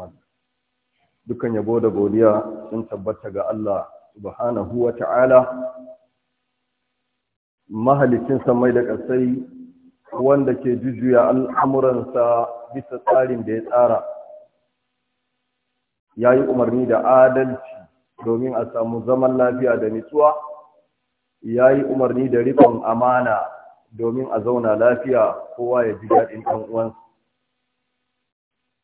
Rahman dukkan yabo da godiya sun tabbata ga Allah subhanahu wa ta'ala mahalicin samai da ƙasai wanda ke jujjuya al'amuransa bisa tsarin da ya tsara ya yi umarni da adalci domin a samu zaman lafiya da nitsuwa ya yi umarni da rikon amana domin a zauna lafiya kowa ya ji daɗin ɗan uwansa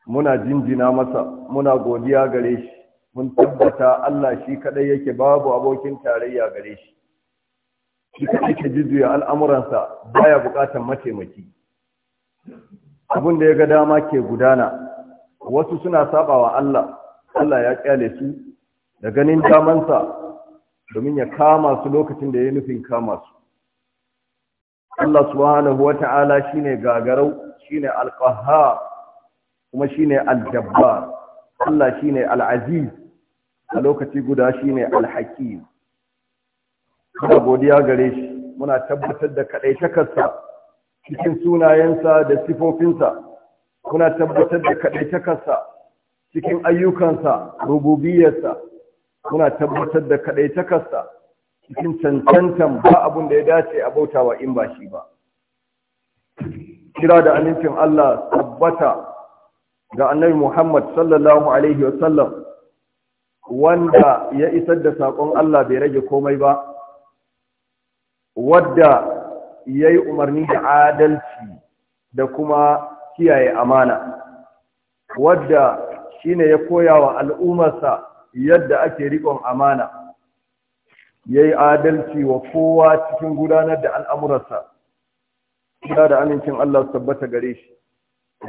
muna jinjina masa muna godiya gare shi mun tabbata Allah shi kadai yake babu abokin tarayya gare shi shi kadai ke al'amuransa baya bukatar mataimaki abin da ya ga dama ke gudana wasu suna sabawa Allah Allah ya kyale su da ganin damansa domin ya kama su lokacin da ya nufin kama su Allah subhanahu wata'ala shine gagarau shine alqahhar kuma shine al-jabbar Allah shine al-aziz a lokaci guda shine al-hakim Kada godiya gare shi muna tabbatar da takarsa cikin sunayensa da sifofinsa muna tabbatar da takarsa cikin ayyukansa rububiyarsa muna tabbatar da kaɗaitakarsa cikin cancantan ba abin da ya dace a bautawa in ba shi ba kira da amincin Allah tabbata ga annabi Muhammad sallallahu alaihi wasallam wanda ya isar da saƙon Allah bai rage komai ba wadda yayi umarni da adalci da kuma kiyaye amana wadda shine ya koya wa al'ummarsa yadda ake rikon amana yayi adalci wa kowa cikin gudanar da al'amuransa da da amincin Allah tabbata gare shi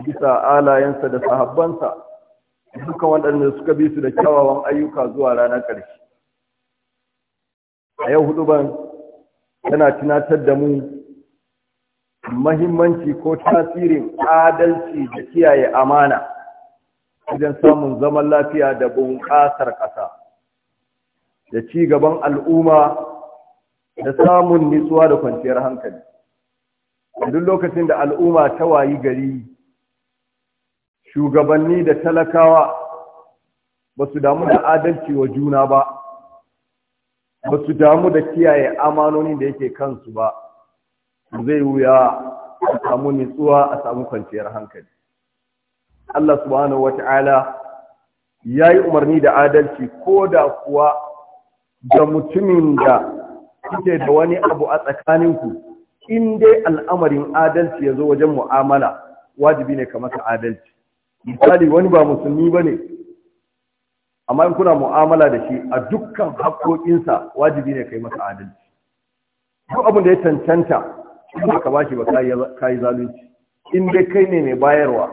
bisa alayensa da sahabbansa duka waɗanda suka bi su da kyawawan ayyuka zuwa ranar ƙarshe a yau hudu ban yana tunatar da mu mahimmanci ko tasirin adalci da kiyaye amana wajen samun zaman lafiya da bunƙasar ƙasa da ci gaban al'umma da samun nitsuwa da kwanciyar hankali duk lokacin da al'umma ta wayi gari shugabanni da talakawa ba su damu da adalci wa juna ba ba su damu da kiyaye amanoni da yake kansu ba zai wuya a samu nitsuwa a samu kwanciyar hankali Allah subhanahu wata'ala ya yi umarni da adalci ko da kuwa ga mutumin da kuke da wani abu a tsakaninku in dai al'amarin adalci ya zo wajen mu'amala wajibi ne ka masa adalci misali wani ba musulmi ba ne amma in kuna mu'amala da shi a dukkan haƙoƙinsa wajibi ne kai masa adalci duk abin da ya cancanta in ka bashi ba ka yi zalunci in dai kai ne mai bayarwa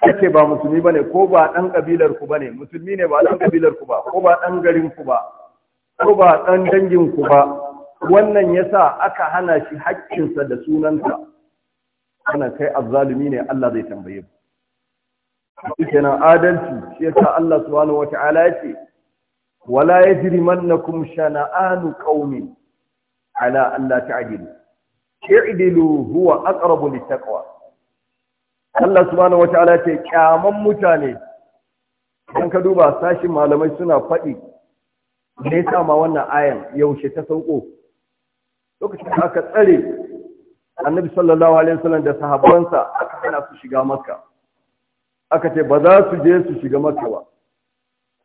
kake ba musulmi bane ko ba ɗan ƙabilar ku bane musulmi ne ba ɗan ƙabilar ku ba ko ba ɗan garin ku ba ko ba ɗan dangin ku ba wannan yasa aka hana shi haƙƙinsa da sunanta ana kai azzalumi ne Allah zai tambaye ku kenan adalci shi yasa Allah subhanahu wata'ala ya ce wala yajrimannakum shana'anu qaumin ala an la ta'dilu i'dilu huwa aqrabu littaqwa Allah subhanahu wata'ala ya ce kyaman mutane dan ka duba sashin malamai suna faɗi me yasa ma wannan ayan yaushe ta sauko lokacin da aka tsare annabi sallallahu alaihi wasallam da sahabbansa aka hana su shiga makka aka ce ba za su je su shiga maka ba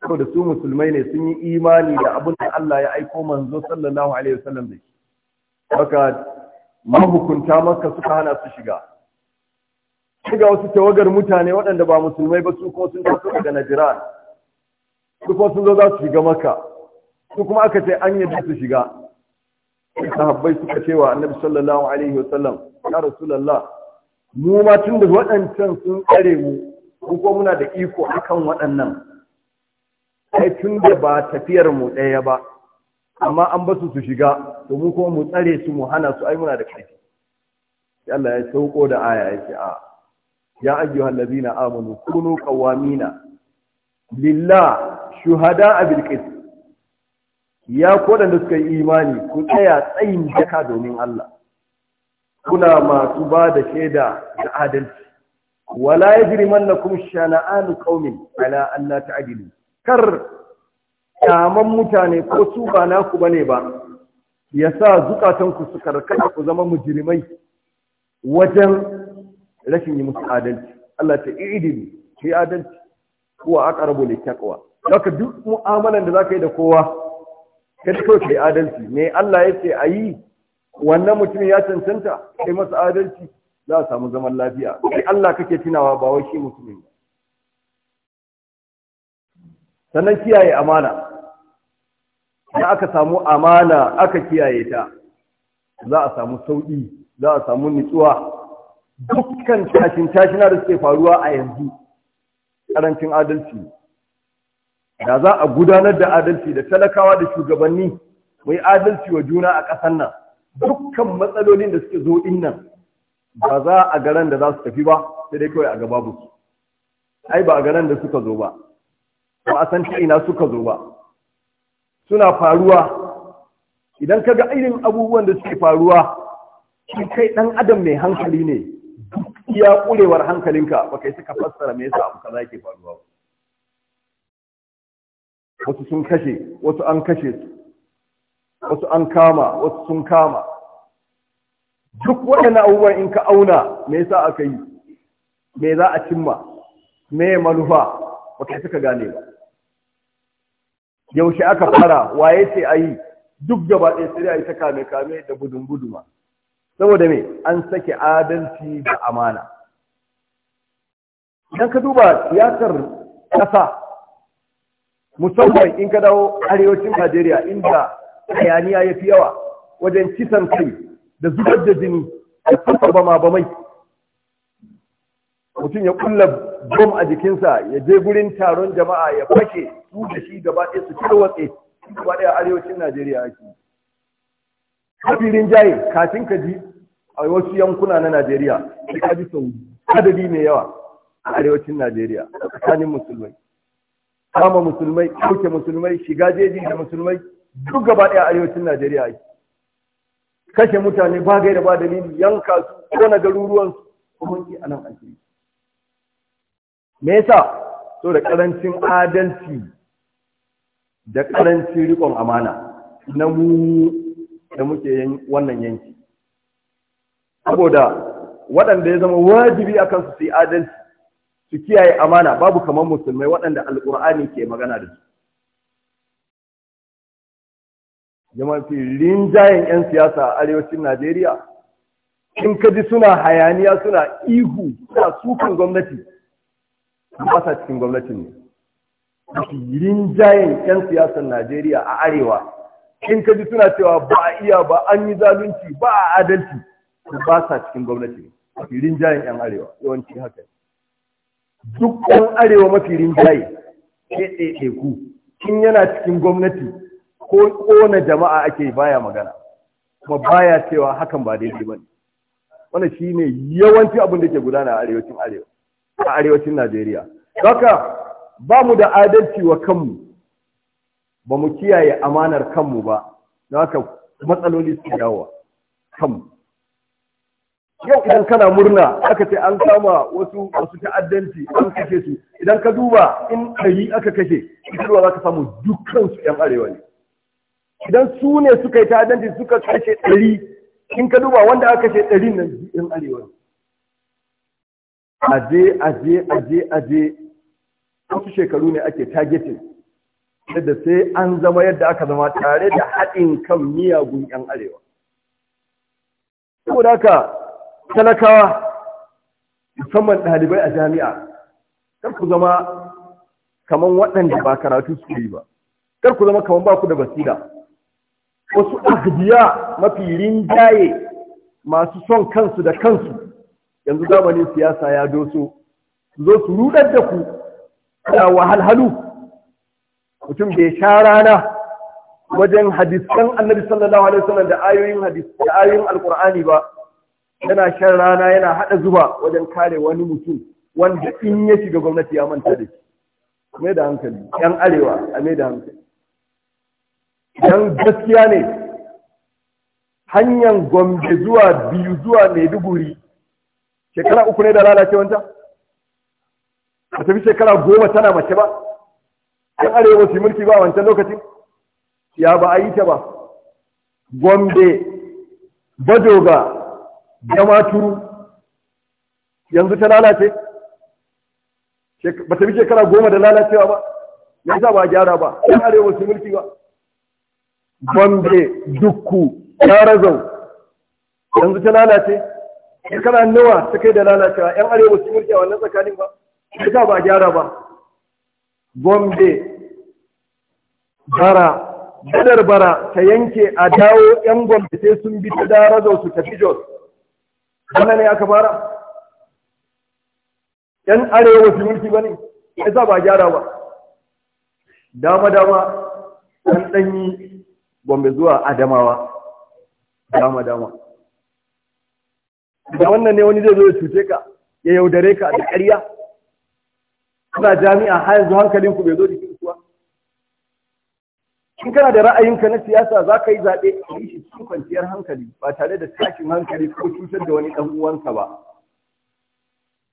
saboda su musulmai ne sun yi imani da abin da Allah ya aiko manzo sallallahu alaihi wasallam da shi haka mahukunta maka suka hana su shiga shiga wasu tawagar mutane waɗanda ba musulmai ba su kuma sun taso daga najiran su kuma sun zo za su shiga maka su kuma aka ce an yi su shiga sahabbai suka cewa annabi sallallahu alaihi wasallam ya rasulullah mu ma tun da waɗancan sun tsare mu ko muna da iko akan waɗannan sai tun da ba tafiyar mu ɗaya ba amma an ba su su shiga to mu kuma mu tsare su mu hana su ai muna da ƙarfi sai Allah ya sauko da aya ya a ya ayyuhal ladina amanu kunu qawamina lillah shuhada bil qist ya da suka yi imani ku tsaya tsayin jaka domin Allah kuna masu ba da shaida da adalci wala yajrimannakum shana'anu qaumin ala Allah ta ta'dilu kar kyaman mutane ko su ba naku bane ba yasa zukatan ku su karkata ku zama mujirimai wajen rashin yi musu adalci Allah ta i'dilu ki adalci huwa aqrabu littaqwa haka duk mu'amalan da ka yi da kowa kada kawai yi adalci me Allah a yi? wannan mutum ya cancanta kai masa adalci za a samu zaman lafiya kai Allah kake tunawa ba wai shi musulmi ba sannan kiyaye amana da aka samu amana aka kiyaye ta za a samu sauƙi za a samu nutsuwa dukkan tashin tashina da suke faruwa a yanzu Karancin adalci da za a gudanar da adalci da talakawa da shugabanni mai adalci wa juna a ƙasar nan dukkan matsalolin da suke zo nan ba za a garan da za su tafi ba sai dai kawai a gaba su ai ba a garan da suka zo ba ba a san ta ina suka zo ba suna faruwa idan ka ga irin abubuwan da suke faruwa shi kai ɗan adam mai hankali ne duk iya kurewar hankalinka ba kai suka fassara me yasa abu kaza yake faruwa wasu sun kashe wasu an kashe su wasu an kama wasu sun kama duk waɗannan abubuwan in ka auna me yasa aka yi me za a cimma me manufa ba kai suka gane ba yaushe aka fara waye ce a yi duk gaba ɗaya sai a yi ta kame kame da gudun guduma saboda me an sake adalci da amana idan ka duba siyasar ƙasa musamman in ka dawo arewacin najeriya inda hayaniya ya fi yawa wajen kisan kai da zubar da jini da ma ba mai. mutum ya kulla bom a jikinsa ya je gurin taron jama'a ya fake su da shi gaba ɗaya su tarwatse gaba ɗaya arewacin najeriya ake kafirin jaye kafin ka ji a wasu yankuna na najeriya sai ka ji sau adadi mai yawa a arewacin najeriya a tsakanin musulmai kama musulmai ɗauke musulmai shiga jeji da musulmai duk gaba ɗaya arewacin najeriya ake kashe mutane ba gaira ba dalili yanka su kona garuruwan su kuma ki anan ake me yasa to da karancin adalci da karancin rikon amana na mu da muke wannan yanki saboda waɗanda ya zama wajibi akan su su yi adalci su kiyaye amana babu kamar musulmai waɗanda alƙur'ani ke magana da su jama'a rinjayen 'yan siyasa a arewacin najeriya in ka ji suna hayaniya suna ihu suna sukan gwamnati ba sa cikin gwamnatin ne rinjayen 'yan siyasar najeriya a arewa in ka ji suna cewa ba a iya ba an yi zalunci ba a adalci ba sa cikin gwamnati mafi rinjayen 'yan arewa yawanci haka duk 'yan arewa mafi rinjaye ɗaiɗaiku in yana cikin gwamnati ko kona jama'a ake baya magana kuma baya cewa hakan ba daidai ba ne wannan shine yawanci abin da ke gudana a arewacin arewa a arewacin Najeriya haka ba mu da adalci wa kanmu ba mu kiyaye amanar kanmu ba don haka matsaloli su yawa kanmu yau idan kana murna aka ce an kama wasu wasu ta'addanci an kashe su idan ka duba in ɗari aka kashe ita za ka samu dukkan su yan arewa ne idan su ne suka yi ta'addanci suka kashe ɗari in ka duba wanda aka kashe ɗari nan in arewa aje aje aje aje wasu shekaru ne ake targeting yadda sai an zama yadda aka zama tare da haɗin kan miyagun 'yan arewa saboda ka talakawa musamman ɗalibai a jami'a kar ku zama kamar waɗanda ba karatu su yi ba kar ku zama kamar ba ku da basira wasu ahdiya mafi rinjaye masu son kansu da kansu yanzu zamanin siyasa ya doso zo su rudar da ku da wahalhalu mutum bai sha rana wajen hadisan annabi sallallahu alaihi wasallam da ayoyin hadis da ayoyin alqur'ani ba yana shan rana yana hada zuba wajen kare wani mutum wanda in ya shiga gwamnati ya manta da shi mai da hankali yan arewa a mai da hankali don gaskiya ne hanyar gombe zuwa biyu zuwa maiduguri shekara uku ne da lalace wanta? ba tafi shekara goma tana mace ba yan arewa su mulki ba wancan lokacin ya ba a yi ta ba gombe bado, ga damaturu yanzu ta lalace ba ta bi shekara goma da lalacewa ba ya ba a gyara ba yan arewa su mulki ba Gombe, Dukku, Yarazau, yanzu ta lalace, kana nawa ta kai da lalacewa, ‘yan arewa sun murke a wannan tsakanin ba, ita ba gyara ba. bombe bara, gadar bara ta yanke a dawo ‘yan Gombe sai sun bi ta Darazau su tafi Jos. Wannan ne aka fara? ‘Yan arewa sun murke ba ne, ita ba gyara ba. Dama-dama, ɗan ɗanyi gombe zuwa adamawa dama dama da wannan ne wani zai zo ya cuce ka ya yaudare ka da ƙarya kuna jami'a har yanzu hankalinku bai zo jikin kuwa in kana da ra'ayinka na siyasa za ka yi zaɓe a yi shi cikin kwanciyar hankali ba tare da tashin hankali ko cutar da wani ɗan uwansa ba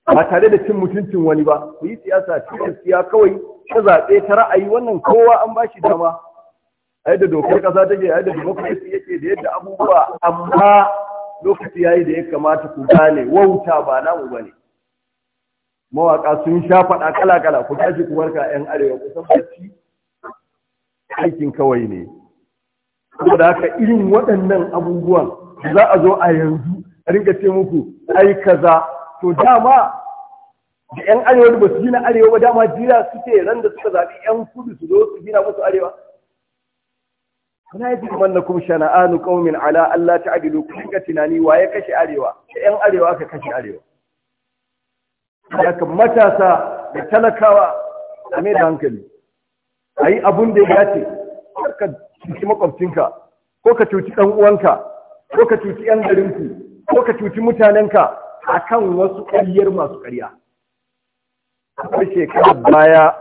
ba tare da cin mutuncin wani ba ku yi siyasa cikin siya kawai ta zaɓe ta ra'ayi wannan kowa an ba shi dama ai da dokar kasa take ai da democracy yake da yadda abubuwa amma lokaci yayi da ya kamata ku gane wauta ba namu bane mawaka sun sha faɗa kala-kala ku tashi ku warka 'yan arewa kusan bacci aikin kawai ne saboda haka irin waɗannan abubuwan za a zo a yanzu a rinka ce muku ai kaza to dama da 'yan arewa da ba su gina arewa ba, dama jira suke ran da suka zaɓi 'yan kudu su zo su gina musu arewa kuna yi jikin na kuma shana'anu ƙaumin ala Allah ta adilu ku ga tunani wa ya kashe arewa da ‘yan arewa aka kashe arewa daga matasa da talakawa a mai da hankali a yi abin da ya ce ka cuci makwabcinka ko ka cuci ɗan uwanka ko ka cuci ‘yan garinku ko ka cuci mutanenka a kan wasu ƙaryar masu ƙarya akwai shekarar baya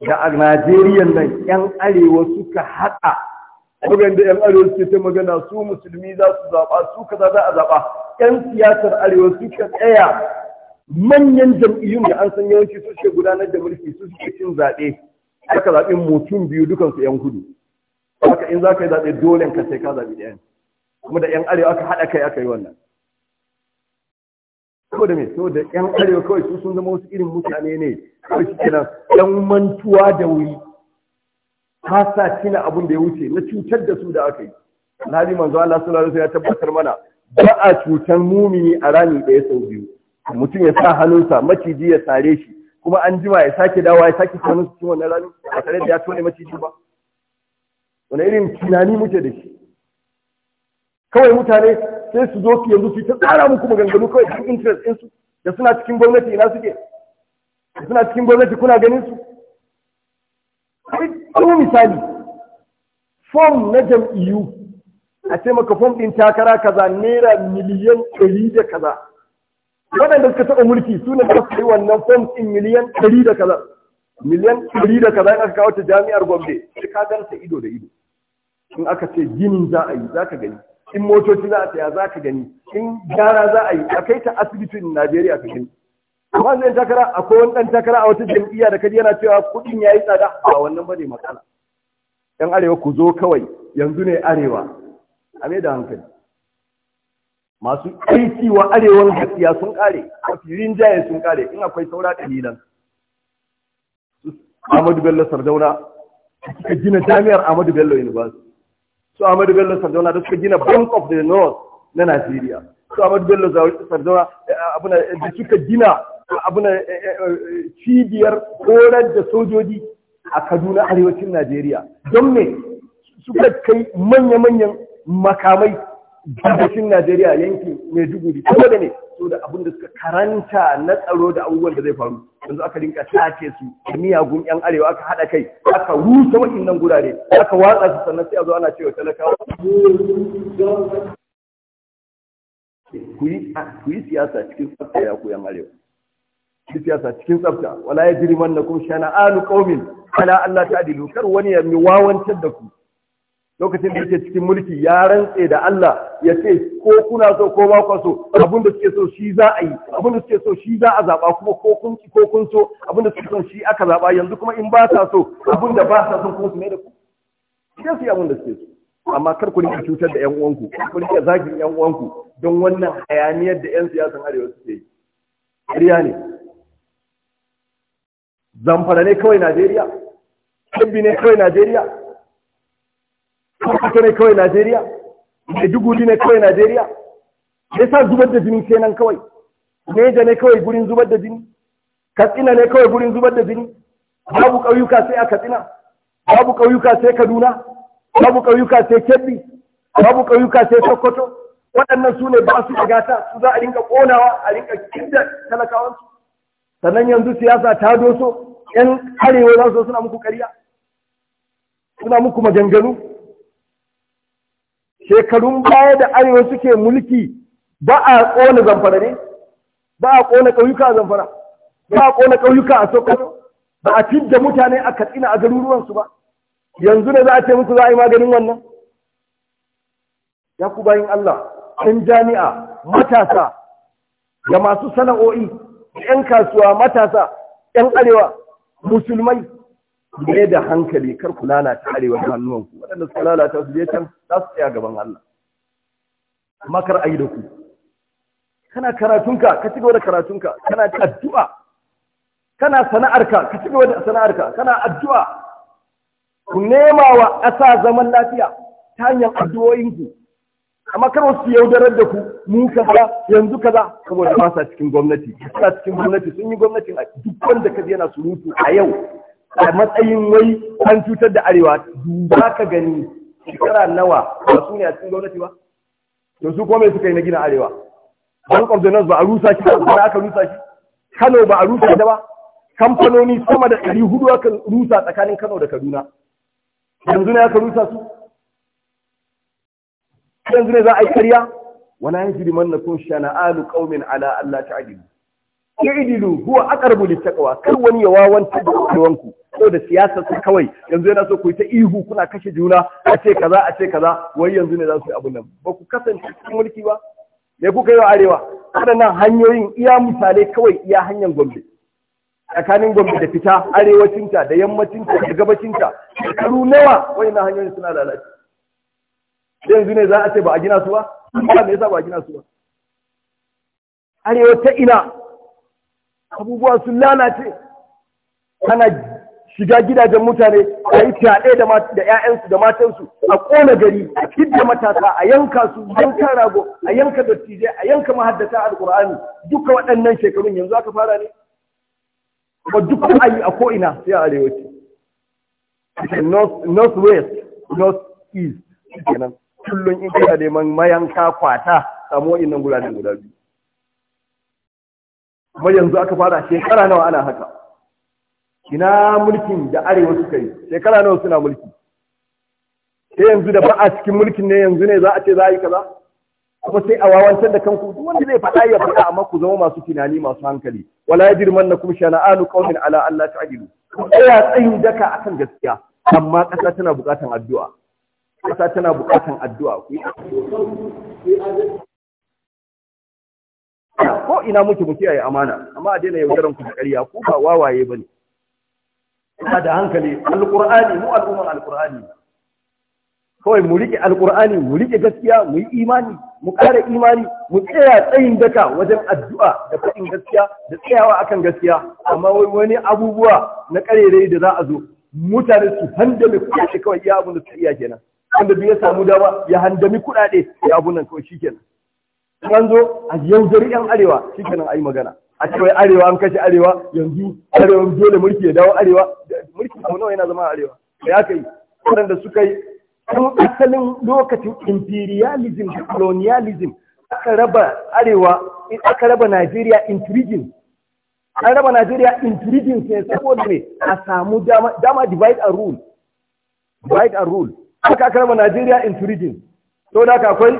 da a Najeriya nan ‘yan arewa suka haɗa da 'yan arewa suke ta magana su musulmi za su zaɓa su kaza za a zaɓa 'yan siyasar arewa suka tsaya manyan jam'iyyun da an san yawanci su suke gudanar da mulki su suke cin zaɓe aka zaɓi mutum biyu dukansu 'yan kudu haka in za ka yi zaɓe dole ka sai ka zaɓi ɗayan kuma da 'yan arewa aka haɗa kai aka yi wannan da me da 'yan arewa kawai su sun zama wasu irin mutane ne kawai suke nan 'yan mantuwa da wuri ba sa abin da ya wuce na cutar da su da aka yi alhali manzo Allah sallallahu alaihi ya tabbatar mana ba a cutar mumini a rani ɗaya sau biyu mutum ya sa hannunsa maciji ya sare shi kuma an jima ya sake dawa ya sake sanin su cikin wannan rani ba tare da ya tone maciji ba wani irin tunani muke da shi kawai mutane sai su zo su yanzu su ta tsara muku maganganu kawai cikin interest ɗinsu da suna cikin gwamnati ina suke da suna cikin gwamnati kuna ganin su kuma misali fom na jam'iyyu a ce maka fom ɗin takara kaza naira miliyan ɗari da kaza waɗanda suka taɓa mulki su ne suka yi wannan fom ɗin miliyan ɗari da kaza miliyan ɗari da kaza in aka kawo ta jami'ar gombe sai ka ganta ido da ido in aka ce ginin za a yi za ka gani in motoci za a saya za ka gani in gyara za a yi a kai ta asibitin najeriya ka gani wannan takara akwai wani dan takara a wata jam'iyya da kaji yana cewa kuɗin ya yi tsada a wannan ba ne matsala yan arewa ku zo kawai yanzu ne arewa a mai da hankali masu aiki wa arewan gaskiya sun kare firin rinjaye sun kare in akwai saura kalilan Ahmadu Bello Sardauna suka gina jami'ar Ahmadu Bello University su Ahmadu Bello Sardauna da suka gina Bank of the North na Najeriya su Ahmadu Bello Sardauna eh, abuna da suka gina abuna eh, eh, eh, cibiyar horar da sojoji a Kaduna arewacin Najeriya don me suka kai manya-manyan makamai gabashin Najeriya yankin kuma da ne da abin da suka karanta na tsaro da abubuwan da zai faru yanzu aka rinka tace su da miyagun yan arewa aka haɗa kai aka rusa nan gurare aka watsa su sannan sai a zo ana cewa talakawa ku yi siyasa cikin tsakaya ku yan arewa shi siyasa cikin tsafta wala ya jiri manna kuma shana alu qaumin ala Allah ta adilu kar wani ya wawancar da ku lokacin da yake cikin mulki ya rantse da Allah ya ce ko kuna so ko ba ku so abin da suke so shi za a yi abin da suke so shi za a zaba kuma ko kun ki ko kun so abin da suke so shi aka zaba yanzu kuma in ba ta so abin da ba ta so kuma su mai da ku sai su yi abin da suke so amma kar ku rinka cutar da 'yan uwanku ku rinka zagin 'yan uwanku don wannan hayaniyar da 'yan siyasan arewa suke yi ƙarya ne zamfara ne kawai najeriya kebbi ne kawai najeriya kwakwato ne kawai najeriya maiduguri ne kawai najeriya ne sa zubar da jini kenan kawai neja ne kawai gurin zubar da jini katsina ne kawai gurin zubar da jini babu ƙauyuka sai a katsina babu ƙauyuka sai kaduna babu ƙauyuka sai kebbi babu ƙauyuka sai sokoto waɗannan su ne ba su da gata su za a rinka ƙonawa a rinka kinda talakawansu sannan yanzu siyasa ta doso yan karewa za su suna muku ƙarya suna muku maganganu shekarun baya da arewa suke mulki ba a ƙona zamfara ne ba a ƙona ƙauyuka a zamfara ba a ƙona ƙauyuka a sokoto ba a fidda mutane a katsina a garuruwansu ba yanzu ne za a ce musu za a yi maganin wannan ya ku bayin Allah ɗan jami'a matasa da masu sana'o'i 'yan kasuwa matasa 'yan arewa musulmai ne da hankali kar ku lalata arewa da hannuwanku waɗanda suka lalata su jeton za su tsaya gaban Allah Makar a yi da ku kana karatunka ka ci gaba da karatunka kana addu'a kana sana'arka ka ci gaba da sana'arka kana addu'a ku nema wa ƙasa zaman lafiya ta hanyar addu'o'inku amma kar wasu yaudarar da ku mu kaza yanzu kaza saboda ba sa cikin gwamnati suna cikin gwamnati sun yi gwamnatin a duk wanda kaji yana surutu a yau a matsayin wai an cutar da arewa duba ka gani shekara nawa ba su ne a cikin gwamnati ba to su kome suka yi na gina arewa bank of the north ba a rusa shi ba aka rusa shi kano ba a rusa da ba kamfanoni sama da ɗari hudu aka rusa tsakanin kano da kaduna yanzu ne aka rusa su yanzu ne za a yi karya wala shana alu kaumin ala Allah alla ta'dilu idilu huwa aqrabu littaqwa kar wani ya wawanta da ko da siyasa su kawai yanzu yana so ku yi ta ihu kuna kashe juna a ce kaza a ce kaza wai yanzu ne za su yi abun nan ba ku kasance cikin mulki ba me kuka yi wa arewa waɗannan hanyoyin iya misalai kawai iya hanyar gombe tsakanin gombe da fita arewacinta da yammacinta da gabacinta shekaru nawa wayannan hanyoyin suna lalace yanzu ne za a ce ba a gina su ba ba me yasa ba a gina su ba arewa ta ina abubuwa sun lalace ana shiga gidajen mutane a yi fyaɗe da ‘ya'yansu da matansu a ƙona gari a kidda matasa a yanka su yanka rago a yanka dattijai a yanka mahaddata alƙur'ani duka waɗannan shekarun yanzu aka fara ne Ba duk yi a ko'ina sai a arewaci north west north east kenan kullum in kana neman mayanka kwata samu wa'innan da guda biyu kuma yanzu aka fara shekara nawa ana haka ina mulkin da arewa suka yi shekara nawa suna mulki sai yanzu da ba a cikin mulkin ne yanzu ne za a ce za a yi kaza kuma sai a wawancan da kanku duk wanda zai faɗa ya faɗa amma ku zama masu tunani masu hankali wala ya na shana alu ƙaunin ala Allah ta ta'dilu ku tsaya tsayin daka akan gaskiya amma ƙasa tana buƙatar addu'a ƙasa tana bukatan addu'a ku yi ko ina muke mu kiyaye amana amma a daina yaudaran ku da ƙarya ku ba wawaye bane ina da hankali alqur'ani mu al'umman alqur'ani kawai mu rike alqur'ani mu rike gaskiya mu yi imani mu ƙara imani mu tsaya tsayin daka wajen addu'a da faɗin gaskiya da tsayawa akan gaskiya amma wani abubuwa na ƙarerai da za a zo mutane su handle kuɗi kawai iya abin da su iya kenan wanda duk ya samu dama ya handami kuɗaɗe ya abun nan kawai shikenan an zo a yaudari yan arewa shikenan a yi magana a ce wai arewa an kashe arewa yanzu arewa dole mulki ya dawo arewa mulki sau nawa yana zama a arewa da ya kai waɗanda suka yi tun asalin lokacin imperialism da colonialism aka raba arewa aka raba Najeriya into regions an raba Najeriya into regions ne saboda ne a samu dama divide and rule divide and rule haka aka raba Najeriya into region to da haka akwai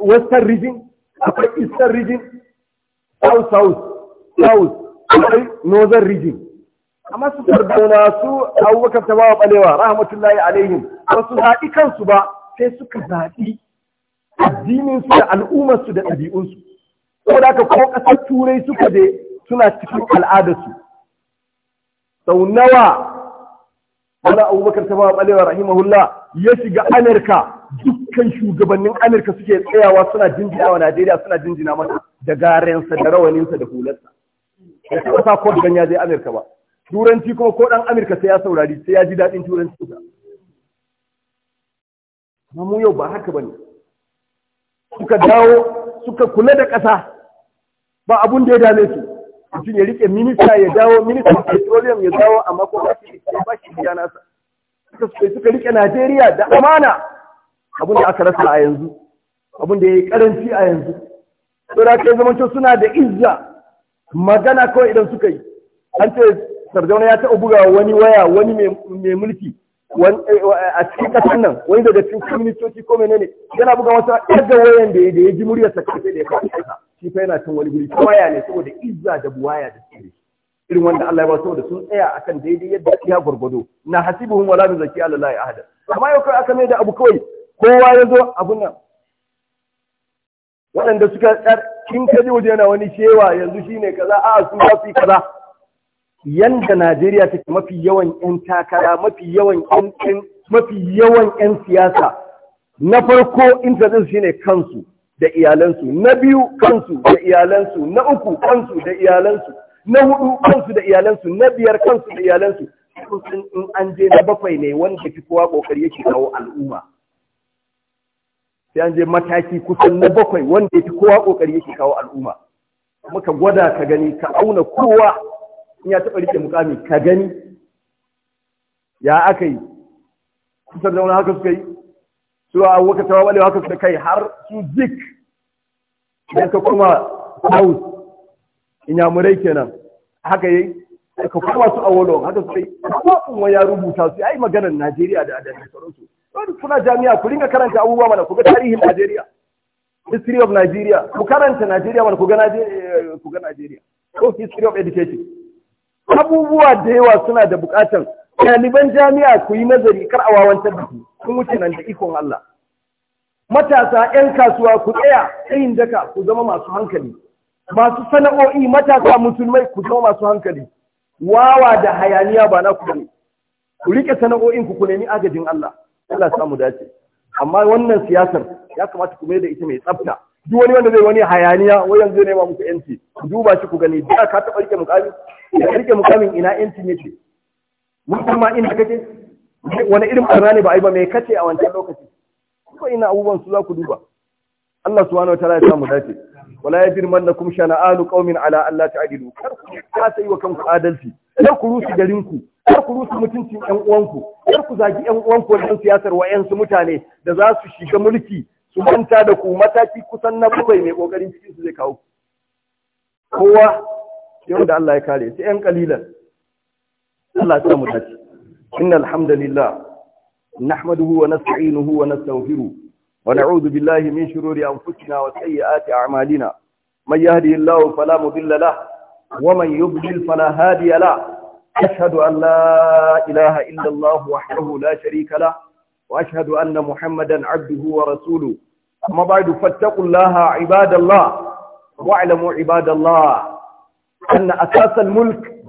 western region akwai eastern region south south south akwai northern region amma su sardauna su abubakar ta bawa balewa rahmatullahi alaihim ba su haɗi kansu ba sai suka zaɓi addininsu da al'ummarsu da ɗabi'unsu da ka ko ƙasar turai suka je suna cikin al'adarsu sau nawa wala abubakar ta bawa balewa rahimahullah ya shiga amerika dukkan shugabannin amerika suke tsayawa suna jinjina wa najeriya suna jinjina masa da garensa da rawaninsa da hularsa ya taɓa sa da ya je amerika ba turanci kuma ko ɗan amerika sai ya saurari sai ya ji daɗin turanci ba mu yau ba haka ba ne suka dawo suka kula da ƙasa ba abun da ya dame su mutum ya rike minista ya dawo minista petroleum ya dawo amma ko ba da ba shi biya nasa suka suka rike Najeriya da amana abin da aka rasa a yanzu abin da yi karanci a yanzu to da kai zamanto suna da izza magana kawai idan suka yi an ce sardauna ya taɓa buga wani waya wani mai mulki eh, a cikin ƙasar nan wani daga cikin ministoci ko menene yana buga wata ɗaga wayan da ya ji muryarsa kai da ya kawo shi fa yana cin wani guri waya ne saboda izza da buwaya da suke irin wanda Allah ya ba saboda sun tsaya akan daidai yadda ya gurgudo na hasibuhum wala zaki ala lahi ahada amma yau kai aka mai da abu kawai kowa ya zo abun nan waɗanda suka tsar kin ka ji waje yana wani shewa yanzu shine kaza a su za kaza yanda Najeriya take mafi yawan yan takara mafi yawan yan mafi yawan yan siyasa na farko intanet shine kansu da iyalansu na biyu kansu da iyalansu na uku kansu da iyalansu na hudu kansu da iyalansu na biyar kansu da iyalansu in an je na bakwai ne wanda fi kowa kokari yake kawo al'umma sai an je mataki kusan na bakwai wanda ya fi kowa kokari yake kawo al'umma muka gwada ka gani ka auna kowa in ya taɓa rike mukami ka gani ya aka yi kusan wani haka suka yi su a waka tawawalewa haka suka kai har su zik da ka kuma ya murai kenan haka yi ka kuma su awolo haka su kai kuma wani ya rubuta su ai maganar Najeriya da adadin sauransu wani kuna jami'a ku ringa karanta abubuwa mana ku ga tarihin Najeriya history of Nigeria ku karanta Najeriya mana kuga Najeriya eh, ku ga Najeriya ko history of education abubuwa da yawa suna da bukatan ɗaliban jami'a ku yi nazari kar a wawantar da ku sun wuce nan da ikon Allah matasa 'yan kasuwa ku tsaya tsayin daka ku zama masu hankali masu sana'o'i matasa musulmai ku zama masu hankali wawa da hayaniya ba na ku ne ku riƙe sana'o'in ku nemi agajin Allah Allah samu dace amma wannan siyasar ya kamata ku mai da ita mai tsafta duk wani wanda zai wani hayaniya wai yanzu ne ma muku yanci duba shi ku gani da ka taɓa riƙe mukamin ya ina yancin yake mun ma inda kake wani irin barna ne ba a yi ba mai kace a wancan lokaci ko ina abubuwan su za ku duba Allah subhanahu wataala ya samu dace wala yajrimannakum shana'anu qaumin ala alla ta'dilu kar ku ka yi wa kanku adalci kar ku rusu garinku kar ku rusu mutuncin ƴan uwanku kar ku zagi ƴan uwanku wajen siyasar wayansu mutane da za su shiga mulki su manta da ku mataki kusan na bakwai mai kokarin cikin su zai kawo kowa yau da Allah ya kare sai ƴan kalilan Allah ya samu dace innal hamdalillah nahmaduhu wa nasta'inuhu wa nastaghfiruh wa na'udhu billahi min shururi anfusina wa sayyiati a'malina man yahdihillahu fala mudilla lahu wa man yudlil fala hadiya lahu أشهد أن لا إله إلا الله وحده لا شريك له وأشهد anna محمدا عبده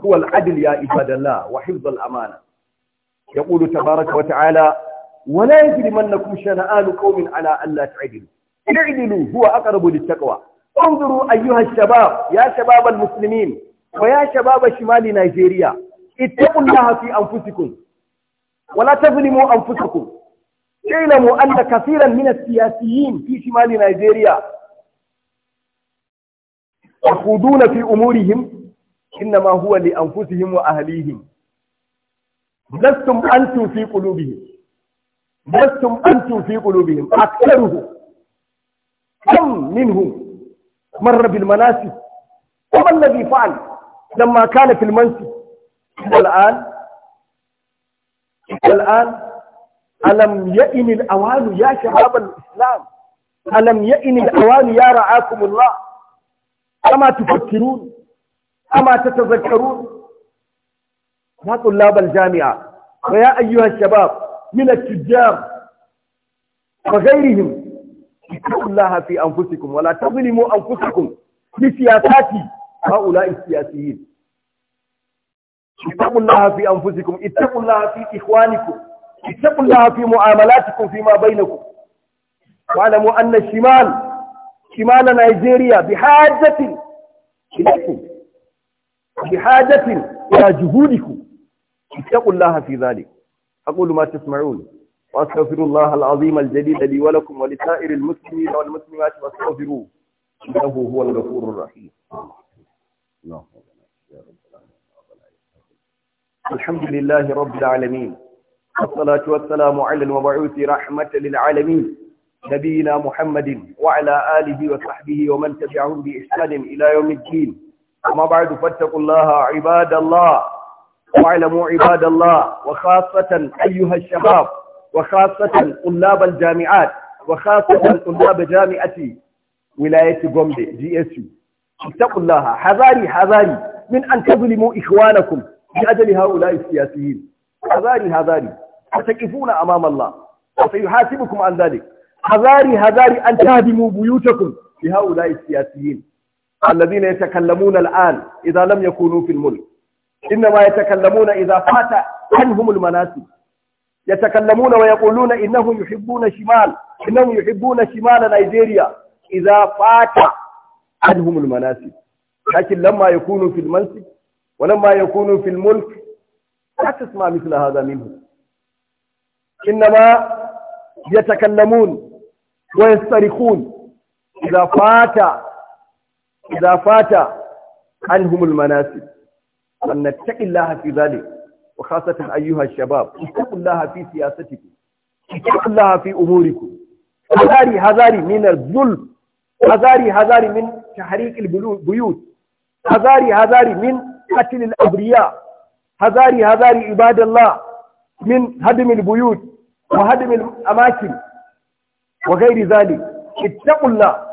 هو العدل يا عباد الله وحفظ الأمانة يقول تبارك وتعالى ولا يجرمنكم شنآن قوم على ألا تعدلوا اعدلوا هو أقرب للتقوى انظروا أيها الشباب يا شباب المسلمين ويا شباب شمال نيجيريا اتقوا الله في أنفسكم ولا تظلموا أنفسكم اعلموا أن كثيرا من السياسيين في شمال نيجيريا يخوضون في أمورهم إنما هو لأنفسهم وأهليهم لستم أنتم في قلوبهم لستم أنتم في قلوبهم أكثره كم منهم مر بالمناسك وما الذي فعل لما كان في المنسك والآن والآن ألم يئن الأوان يا شباب الإسلام ألم يئن الأوان يا رعاكم الله أما تفكرون أما تتذكرون يا طلاب الجامعة ويا أيها الشباب من التجار وغيرهم اتقوا الله في أنفسكم ولا تظلموا أنفسكم بسياسات هؤلاء السياسيين اتقوا الله في أنفسكم اتقوا الله في إخوانكم اتقوا الله في معاملاتكم فيما بينكم واعلموا أن الشمال شمال نيجيريا بحاجة إليكم بحاجة إلى جهودكم اتقوا الله في ذلك أقول ما تسمعون وأستغفر الله العظيم الجليل لي ولكم ولسائر المسلمين والمسلمات واستغفروه إنه هو الغفور الرحيم الحمد لله رب العالمين والصلاة والسلام على المبعوث رحمة للعالمين نبينا محمد وعلى آله وصحبه ومن تبعهم بإحسان إلى يوم الدين amma ba da fattakullaha ibadallah wa ilamu ibadallah wa khasatan ayyuhal shabab wa khasatan qullabal jami'at wa khasatan qullabal jami'ati gombe gsu fattakullaha hazari hazari min an tazlimu ikhwanakum bi ajli haula'i siyasiyin hazari hazari fatakifuna amama allah wa sayuhasibukum an dhalik hazari hazari an tahdimu buyutakum bi haula'i siyasiyin الذين يتكلمون الآن إذا لم يكونوا في الملك إنما يتكلمون إذا فات عنهم المناسب يتكلمون ويقولون إنهم يحبون شمال إنهم يحبون شمال نيجيريا إذا فات عنهم المناسب لكن لما يكونوا في المنصب ولما يكونوا في الملك لا تسمع مثل هذا منهم إنما يتكلمون ويسترخون إذا فات idza fata anhumul manasib an nattaqillaha fi dhalik wa khasatan ayyuha shabab ittaqullaha fi siyasatikum ittaqullaha fi umuriku. hazari hazari min al-zulm hazari hazari min tahriq al-buyut hazari hazari min qatl al-abriya hazari hazari ibadallah min hadm al-buyut wa hadm al-amakin wa ghayri dhalik ittaqullah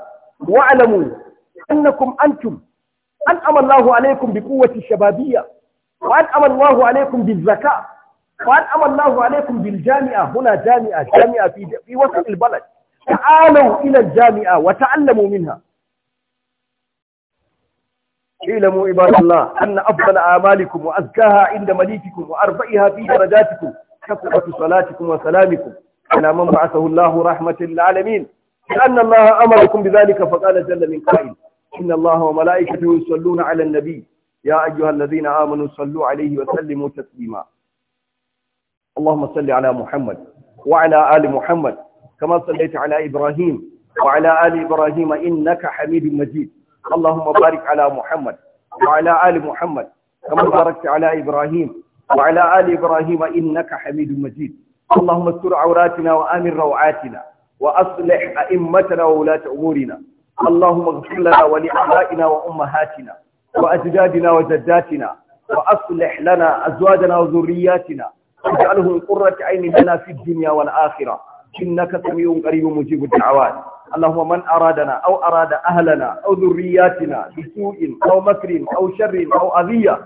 alamu. أنكم أنتم أنعم الله عليكم بقوة الشبابية وأنعم الله عليكم بالذكاء وأنعم الله عليكم بالجامعة هنا جامعة جامعة في, في وسط البلد تعالوا إلى الجامعة وتعلموا منها اعلموا عباد الله أن أفضل أعمالكم وأزكاها عند مليككم وأرفعها في درجاتكم كثرة صلاتكم وسلامكم على من بعثه الله رحمة للعالمين لأن الله أمركم بذلك فقال جل من قائل إن الله وملائكته يصلون على النبي يا أيها الذين آمنوا صلوا عليه وسلموا تسليما اللهم صل على محمد وعلى آل محمد كما صليت على إبراهيم وعلى آل إبراهيم إنك حميد مجيد اللهم بارك على محمد وعلى آل محمد كما باركت على إبراهيم وعلى آل إبراهيم إنك حميد مجيد اللهم استر عوراتنا وآمن روعاتنا وأصلح أئمتنا وولاة أمورنا اللهم اغفر لنا ولآبائنا وأمهاتنا وأجدادنا وجداتنا وأصلح لنا أزواجنا وذرياتنا واجعلهم قرة عين لنا في الدنيا والآخرة إنك سميع قريب مجيب الدعوات اللهم من أرادنا أو أراد أهلنا أو ذرياتنا بسوء أو مكر أو شر أو أذية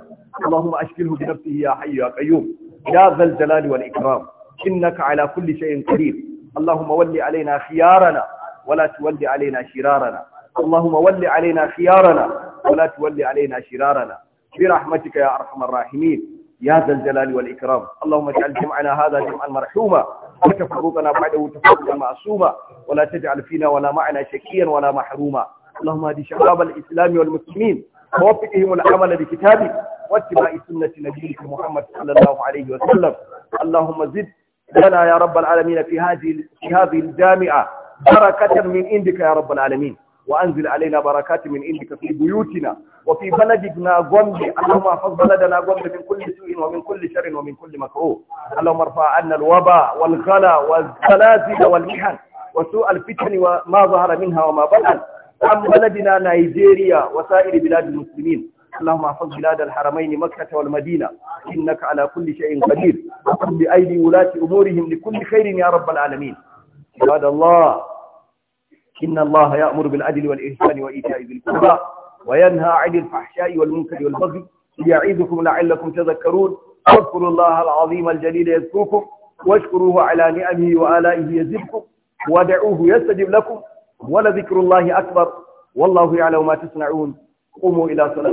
اللهم أشكله بنفسه يا حي يا قيوم يا ذا الجلال والإكرام إنك على كل شيء قدير اللهم ول علينا خيارنا ولا تولي علينا شرارنا اللهم ول علينا خيارنا ولا تولي علينا شرارنا برحمتك يا أرحم الراحمين يا ذا الجلال والإكرام اللهم اجعل جمعنا هذا جمعا مرحوما وتفرقنا بعده تفرقا معصوما ولا تجعل فينا ولا معنا شكيا ولا محروما اللهم هدي شباب الإسلام والمسلمين ووفقهم العمل بكتابك واتباع سنة نبيك محمد صلى الله عليه وسلم اللهم زد لنا يا رب العالمين في هذه في هذه الجامعة Barakatar min indika ya rabbal alamin wa anzil alaina barakatan min indika fi buyutina wa fi baladina gombe allahumma hafiz baladana gombe min kulli su'in wa min kulli sharrin wa min kulli makruh allahumma irfa anna al waba wal ghala wal zalazil wal mihan wa su'al fitan wa ma zahara minha wa ma batan am baladina nigeria wa sa'ir bilad muslimin اللهم احفظ بلاد الحرمين مكة والمدينة إنك على كل شيء قدير وقم بأيدي ولاة أمورهم لكل خير يا رب العالمين عباد الله إن الله يأمر بالعدل والإحسان وإيتاء ذي القربى وينهى عن الفحشاء والمنكر والبغي يعيدكم لعلكم تذكرون اذكروا الله العظيم الجليل يذكركم واشكروه على نعمه وآلائه يزدكم ودعوه يستجب لكم ولذكر الله أكبر والله يعلم ما تصنعون قوموا إلى صلاة